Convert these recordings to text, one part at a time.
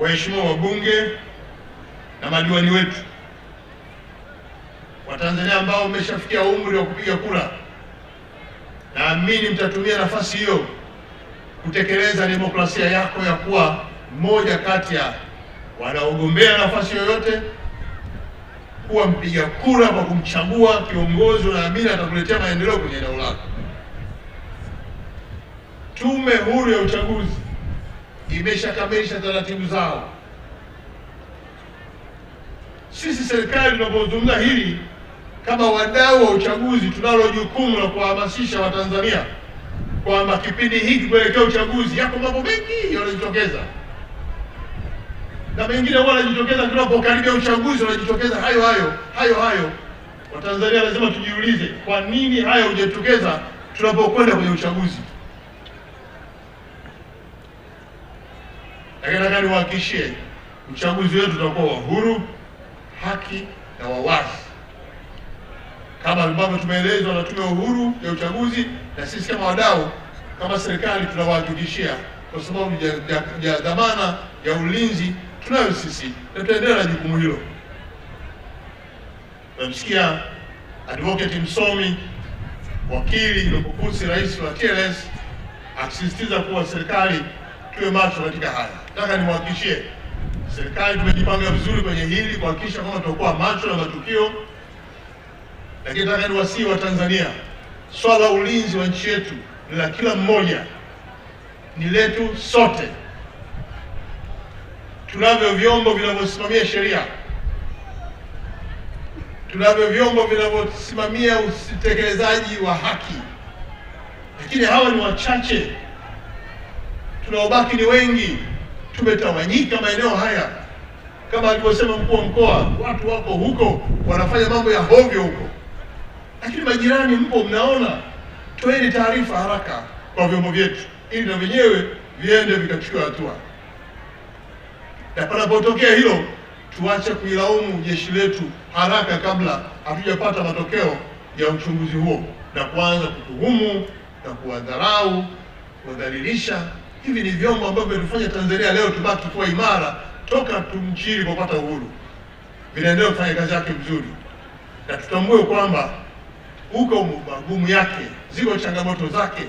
waheshimiwa wabunge na madiwani wetu Watanzania ambao mmeshafikia umri wa kupiga kura, naamini mtatumia nafasi hiyo kutekeleza demokrasia yako ya kuwa mmoja kati ya wanaogombea nafasi yoyote, kuwa mpiga kura kwa kumchagua kiongozi unaamini atakuletea maendeleo kwenye eneo lako. Tume Huru ya Uchaguzi imeshakamilisha taratibu zao. Sisi serikali tunapozungumza hili kama wadau wa uchaguzi, tunalo jukumu la kuwahamasisha Watanzania kwamba kipindi hiki kuelekea uchaguzi, yako mambo mengi yanajitokeza, na mengine huwa yanajitokeza tunapokaribia uchaguzi, wanajitokeza hayo hayo hayo hayo. Watanzania lazima tujiulize, kwa nini haya hujatokeza tunapokwenda kwenye uchaguzi? lakini nataka niwahakikishie uchaguzi wetu utakuwa wa huru, haki na wawazi kama ambavyo tumeelezwa na Tume ya Uhuru ya Uchaguzi, na sisi kama wadau, kama serikali tunawahakikishia, kwa sababu ya dhamana ya ulinzi tunayo sisi na tutaendelea na jukumu hilo. Namsikia advocate msomi wakili Lukukusi, rais wa TLS akisisitiza kuwa serikali tuwe macho katika haya. Nataka nimhakikishie serikali tumejipanga vizuri kwenye hili kuhakikisha kwamba tutakuwa macho na matukio, lakini nataka niwasihi wa Tanzania, swala ulinzi wa nchi yetu ni la kila mmoja, ni letu sote. Tunavyo vyombo vinavyosimamia sheria, tunavyo vyombo vinavyosimamia utekelezaji wa haki, lakini hawa ni wachache tunaobaki ni wengi, tumetawanyika maeneo haya. Kama alivyosema mkuu wa mkoa, watu wako huko wanafanya mambo ya hovyo huko, lakini majirani mpo, mnaona, toeni taarifa haraka kwa vyombo vyetu ili na vyenyewe viende vikachukua hatua, na panapotokea hilo tuache kuilaumu jeshi letu haraka kabla hatujapata matokeo ya uchunguzi huo na kuanza kutuhumu na kuwadharau, kuwadhalilisha. Hivi ni vyombo ambavyo vinatufanya Tanzania leo tubaki kuwa imara toka nchi ilipopata uhuru, vinaendelea kufanya kazi yake vizuri, na tutambue kwamba huko magumu yake ziko changamoto zake.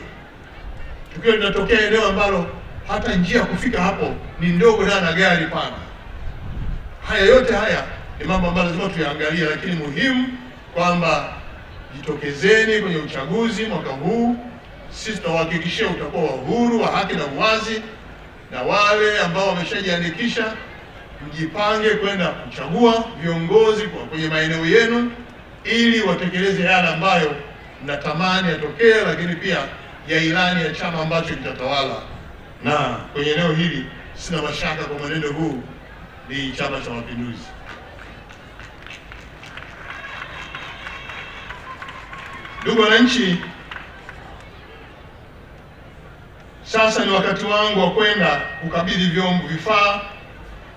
Tukio linatokea eneo ambalo hata njia ya kufika hapo ni ndogo na na gari pana. Haya yote haya ni mambo ambayo lazima tuyaangalia, lakini muhimu kwamba jitokezeni kwenye uchaguzi mwaka huu sisi tutawahakikishia utakuwa wa uhuru wa haki na uwazi, na wale ambao wameshajiandikisha mjipange kwenda kuchagua viongozi kwa kwenye maeneo yenu ili watekeleze yale ambayo mnatamani yatokee, lakini pia ya ilani ya chama ambacho kitatawala. Na kwenye eneo hili sina mashaka kwa mwenendo huu ni Chama cha Mapinduzi. Ndugu wananchi, Sasa ni wakati wangu wa kwenda kukabidhi vyombo vifaa,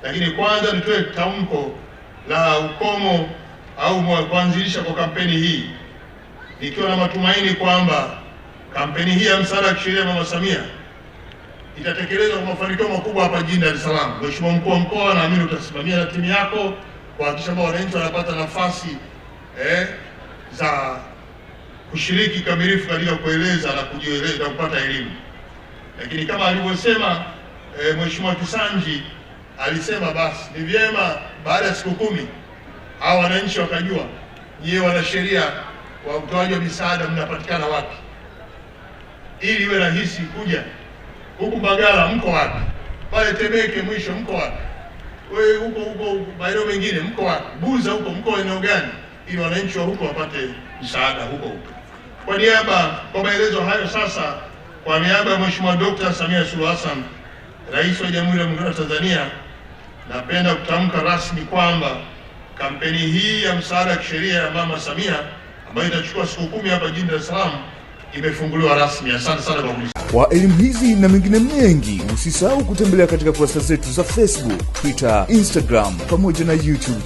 lakini kwanza nitoe tamko la ukomo au kuanzilisha kwa kampeni hii nikiwa na matumaini kwamba kampeni hii ya msaada wa kisheria Mama Samia itatekelezwa kwa mafanikio makubwa hapa jijini Dar es Salaam. Mheshimiwa mkuu wa mkoa, naamini utasimamia na timu yako kuhakikisha kwamba wananchi wanapata nafasi eh, za kushiriki kamilifu katika kueleza na kujieleza na kupata elimu. Lakini kama alivyosema e, Mheshimiwa Kisanji alisema basi ni vyema baada ya siku kumi hao wananchi wakajua nyewe wanasheria wa utoaji wa misaada mnapatikana wapi, ili iwe rahisi kuja huku. Bagala mko wapi? Pale Temeke mwisho mko wapi? wewe huko huko maeneo mengine mko wapi? Buza huko mko eneo gani? ili wananchi wa huko wapate msaada huko huko. Kwa niaba, kwa maelezo hayo sasa kwa niaba ya Mheshimiwa Dr. Samia Suluhu Hassan, Rais wa Jamhuri ya Muungano wa Tanzania, napenda kutamka rasmi kwamba kampeni hii ya msaada wa kisheria ya Mama Samia ambayo itachukua siku kumi hapa jijini Dar es Salaam imefunguliwa rasmi. Asante sana kwa Kwa elimu hizi na mengine mengi, usisahau kutembelea katika kurasa zetu za Facebook, Twitter, Instagram pamoja na YouTube.